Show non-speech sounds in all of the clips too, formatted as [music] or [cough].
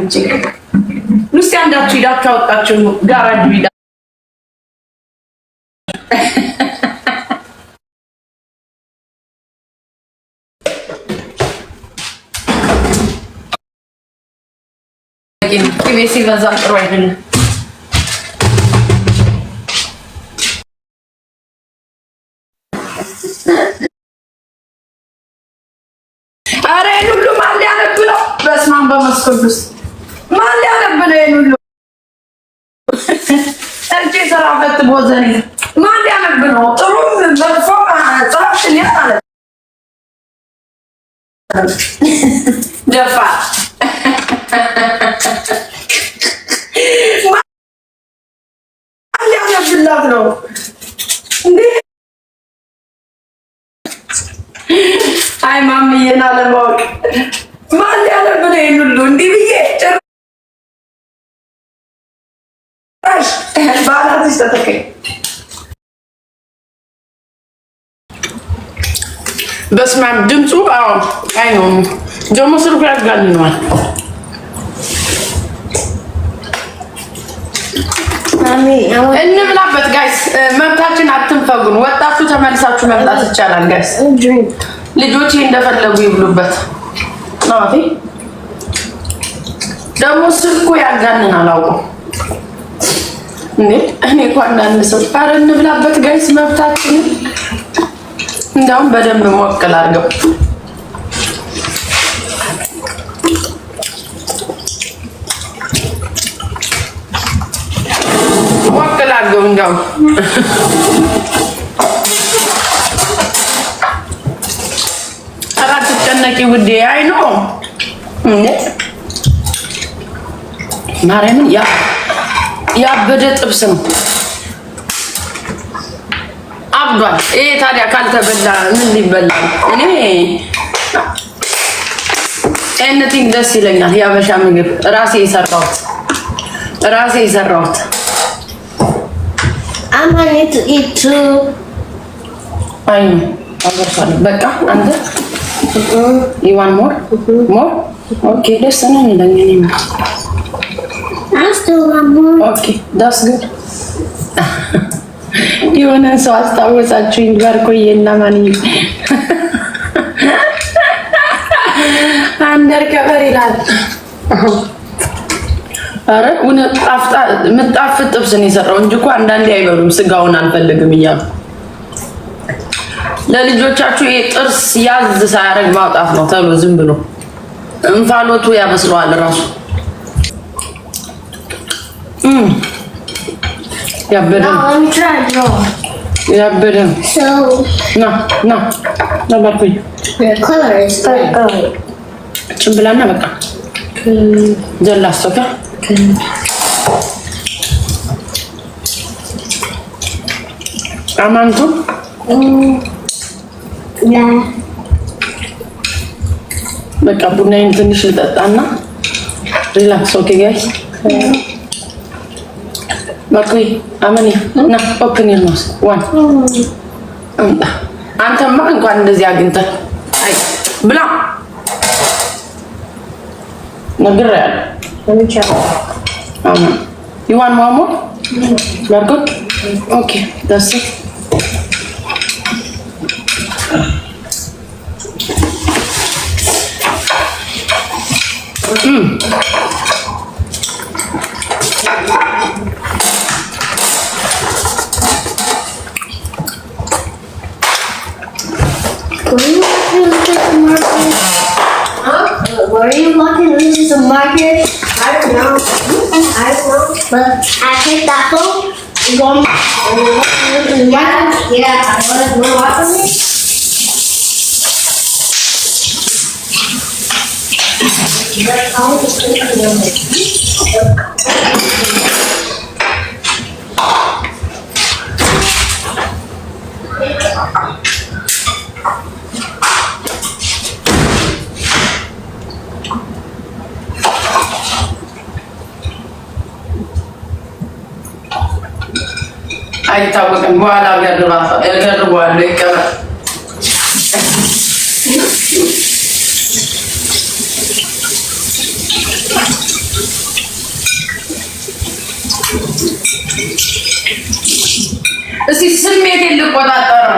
ውጭ ውስጥ አንዳችሁ ሂዳችሁ አወጣችሁ ጋራ ሂዳ ቅቤ ሲበዛ ጥሩ አይደለም። አረ ሁሉም አንድ ያነብለው በስመ አብ በመስኮት ውስጥ ሁሉ እርቄ አይ ማምዬን አለማወቅ ማን ያነብ ነው? ሁሉ እንዲህ ብዬ ጭራሽ በአናትሽ በስመ አብ ድምፁ አይሆኑ ደግሞ ስልኩ ያጋልነዋል። እንብላበት ጋይስ፣ መብታችን አትንፈጉን። ወጣችሁ ተመልሳችሁ መምጣት ይቻላል ጋይስ። ልጆች እንደፈለጉ ይብሉበት። ደግሞ ስልኩ ያጋንናል አውቀው እንዴ እኔ እኮ አንዳንድ ሰው ኧረ እንብላበት ጋይስ መብታችንን እንዲያውም በደንብ ሞቅል አድርገው ሞቅል አድርገው እንዲያውም ኧረ አትጨነቂ ውዴ አይ ነው እንዴ ማርያምን ያ ያበደ ጥብስ ነው። አብዷል። ይሄ ታዲያ ካልተበላ ምን ሊበላ? እኔ ኤኒቲንግ ደስ ይለኛል። የአበሻ ምግብ ራሴ የሰራሁት ራሴ የሰራሁት አማኔት ኢቱ አይ አወርሳለሁ። በቃ አንተ ይዋን ሞር ሞር ኦኬ ደስ ነው ይለኛል። የሆነ ሰው አስታወሳችሁኝ። ባርኮዬ እና ማንዬ አንደር ከበር ይላል። አረ እውነት ምጣፍጥ ጥብስ ነው የሰራው እንጂ እኮ አንዳንዴ አይበሉም። ስጋውን አልፈልግም እያሉ ለልጆቻችሁ ጥርስ ያዝ ሳያደርግ ማውጣት ነው ተብሎ ዝም ብሎ እንፋሎቱ ያበስለዋል ራሱ ያበደ ና ና ነባርኩኝ ጭምብላና በቃ ዘላ አማንቱ በቃ ቡናዬን ትንሽ ልጠጣና ሪላክስ ኦኬ ጋይስ በርኩ አመኔ እና ኦፕን ዩርኖስ ዋን አንተማ እንኳን እንደዚህ አግኝተህ ብላ ነግሬሃለሁ። ይዋን ማሞ በርኩ ኦኬ ደስ I But I that phone. You to Yeah, አይታወቅም። በኋላ ገርበዋለሁ ይቀበል። እስኪ ስሜት ልቆጣጠር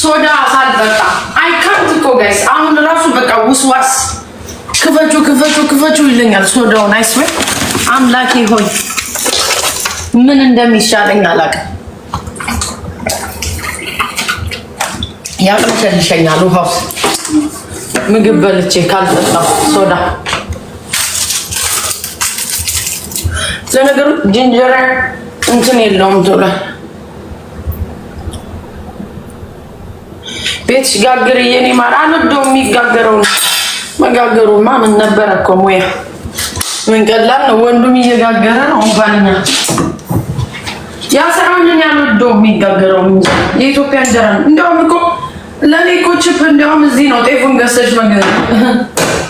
ሶዳ ሳልጠጣ አይካንት እኮ ጋይስ፣ አሁን ራሱ በቃ ውስዋስ ክፈቹ ክፈቹ ክፈቹ ይለኛል ሶዳውን። አይስወ አምላኬ ሆይ ምን እንደሚሻለኝ አላውቅም። ያቅለሸልሸኛል። ውሃው ምግብ በልቼ ካልጠጣሁ ሶዳ። ለነገሩ ጅንጀራ እንትን የለውም ቶሎ ቤትሽ ጋግር እየኔ ማር አንዶ የሚጋገረው መጋገሩ ምን ነበረ እኮ ሙያ ምን ቀላል ነው። ወንዱም እየጋገረ ነው እንኳን ያሰራውንን ያልወዶ የሚጋገረው የኢትዮጵያ እንጀራ ነው። እንዲያውም እኮ ለእኔ እኮ ችፕ እንዲያውም እዚህ ነው ጤፉን ገሰች መግዛት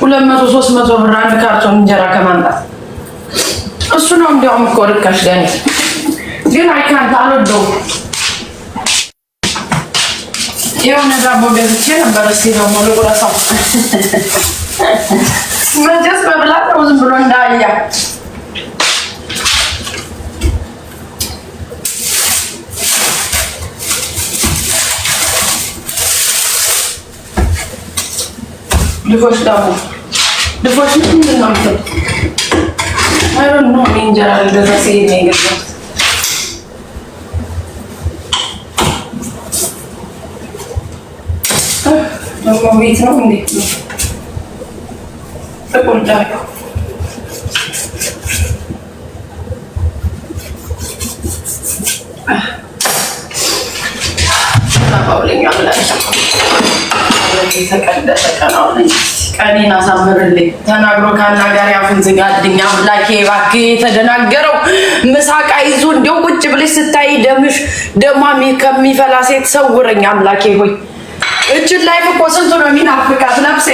ሁለት መቶ ሶስት መቶ ብር አንድ ካርቶን እንጀራ ከማምጣት እሱ ነው እንዲያውም እኮ ርካሽ ገ ግን አይካንት አልወደውም። የሆነ ዳቦ ገዝቼ ነበር። እስቲ ደግሞ ልቁረሳው መጀስ መብላት ነው ዝም ብሎ እንዳያ ድፎች ዳቦ ድፎች ምንድን ነው ምትል? አይ ነው እንጀራ ልገዛ ሲሄድ ነው የገዛሁት። ደግሞ ቤት ነው እንዴት ነው ጥቁር ዳቦ የተቀደሰ ቀኔን አሳምርልኝ። ተናግሮ ከአናጋሪ አፉን ዝጋልኝ። አምላኬ እባክህ የተደናገረው ምሳቃ ይዞ እንደው ቁጭ ብለሽ ስታይ ደምሽ ደማ ከሚፈላ ሴት ሰውረኝ አምላኬ ሆይ። እችን ላይ እኮ ስንቱ ነው የሚናፍቃት ነፍሴ።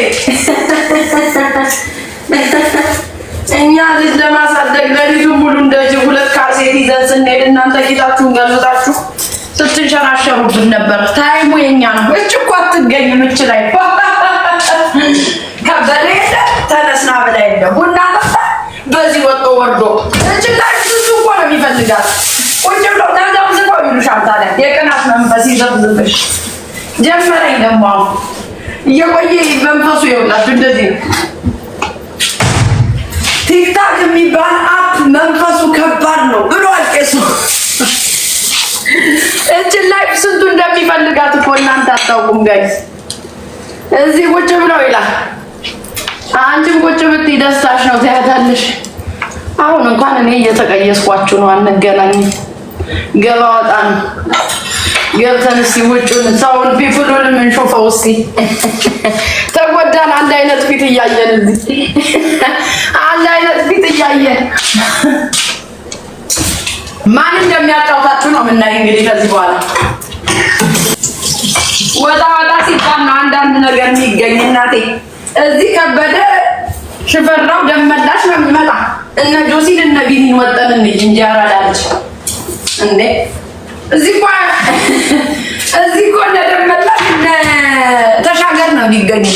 እኛ ልጅ ለማሳደግ ለሊቱ ሙሉ እንደ ጅብ ሁለት ካሴት ይዘን ስንሄድ እናንተ ጌታችሁን ገልብጣችሁ ስትንሸራሸሩብን ነበር። ታይሙ የኛ ነው። እች እኮ አትገኝ ምች ላይ ከበደ የለ ተነስና በላ የለ ቡና ጠጣ በዚህ ወጦ ወርዶ እች ላይ እኮ ነው የሚፈልጋት። ቁጭ ብለው ነገም ዝቀው ይሉሻል። ታለ የቅናት መንፈስ ይዘብዝብሽ ጀመረኝ። ደግሞ አሁን እየቆየ መንፈሱ ይውላችሁ እንደዚህ ቲክታክ የሚባል አፕ መንፈሱ ከባድ ነው ብሏል ቄሱ አታውቁም ጋይስ። እዚህ ቁጭ ብለው ይላል። አንቺም ቁጭ ብትይ ደስታሽ ነው ትያታለሽ። አሁን እንኳን እኔ እየተቀየስኳችሁ ነው። አንገናኝ ገባ ወጣ ነው ገብተን እስኪ ውጭውን ሰውን ቢፍሉንም እንሾፈው እስኪ ተጎዳን። አንድ አይነት ፊት እያየን እዚህ አንድ አይነት ፊት እያየን ማን እንደሚያጫውታችሁ ነው የምናይ እንግዲህ ከዚህ በኋላ ወጣ ወጣ ሲባል ነው አንዳንድ ነገር የሚገኝ እናቴ። እዚህ ከበደ ሽፈራው ደመላሽ ነው የሚመጣ። እነ ጆሲን እነ ቢኒን ወጠን እንጂ እንጀራ ዳልች እንዴ እዚህ ኳ [laughs] እዚህ ኳ እነ ደመላሽ እነ ተሻገር ነው የሚገኝ።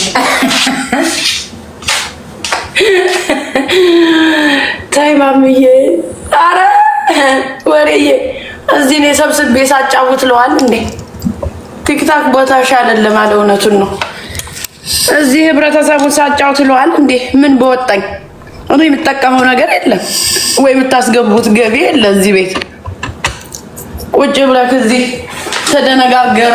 ታይ [laughs] ማምዬ፣ አረ ወሬዬ እዚህ ነው ሰብስቤ ሳጫውት ለዋል እንዴ ቲክታክ ቦታሽ አይደለም አለ። እውነቱን ነው። እዚህ ህብረተሰቡን ሳጫውት ለዋል እንዴ ምን በወጣኝ እኔ የምጠቀመው ነገር የለም ወይ የምታስገቡት ገቢ የለ። እዚህ ቤት ቁጭ ብለህ እዚህ ተደነጋገረ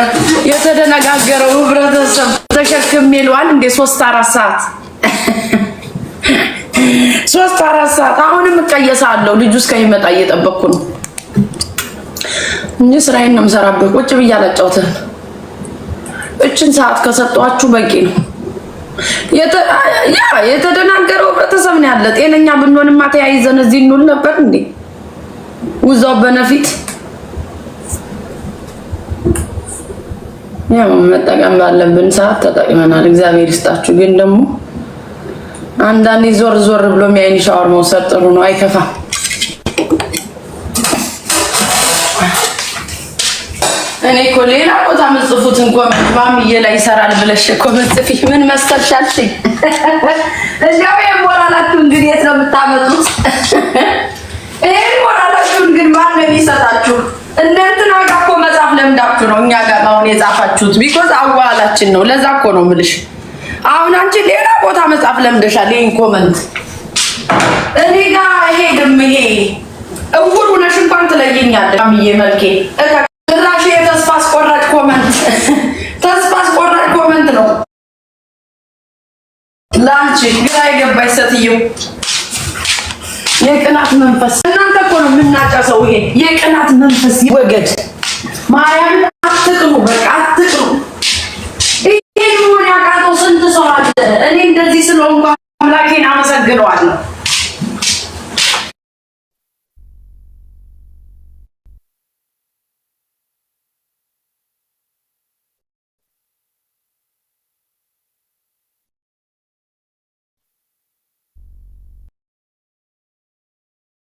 የተደነጋገረው ህብረተሰብ ተሸክም ለዋል እንዴ ሶስት አራት ሰዓት [laughs] ሶስት አራት ሰዓት አሁንም እቀየሳለሁ። ልጁ እስከሚመጣ እየጠበቅኩ ነው እንጂ ስራዬን ነው የምሰራበት። ቁጭ ብዬ አላጫውትህም። እችን ሰዓት ከሰጧችሁ በቂ ነው። የተደናገረው ህብረተሰብ ነው ያለ። ጤነኛ ብንሆንማ ተያይዘን እዚህ እንውል ነበር እንዴ? ውዛው በነፊት ያው መጠቀም ባለብን ሰዓት ተጠቅመናል። እግዚአብሔር ይስጣችሁ። ግን ደግሞ አንዳንዴ ዞር ዞር ብሎ የሚያይን ሻወር መውሰድ ጥሩ ነው፣ አይከፋም። እኔ እኮ ሌላ ቦታ ምጽፉትን ኮመንት ማምዬ ላይ ይሰራል ብለሽ እኮ መጽፊ ምን መሰልሽ አልሽኝ። እንደው የሞራላችሁን ግን የት ነው የምታመጡት? ይህ ሞራላችሁን ግን ማን ነው የሚሰጣችሁ? እናንተና ጋር እኮ መጽሐፍ ለምዳችሁ ነው እኛ ጋር አሁን የጻፋችሁት። ቢኮዝ አዋላችን ነው። ለዛ እኮ ነው የምልሽ። አሁን አንቺ ሌላ ቦታ መጽሐፍ ለምደሻል። ይሄን ኮመንት እኔ ጋር ይሄ አይሄድም። ይሄ እውር ሆነሽ እንኳን ትለይኛለሽ አምዬ መልኬ ለአንቺ ግራ የገባች ሴትዮ የቅናት መንፈስ እናንተ እኮ ነው የምናጨሰው። ይሄ የቅናት መንፈስ ወገድ ማርያም አትቅኑ፣ በቃ አትቅኑ። ይሄ ሆን ያቃተው ስንት ሰው አለ። እኔ እንደዚህ ስለሆንኩ አምላኬን አመሰግነዋለሁ።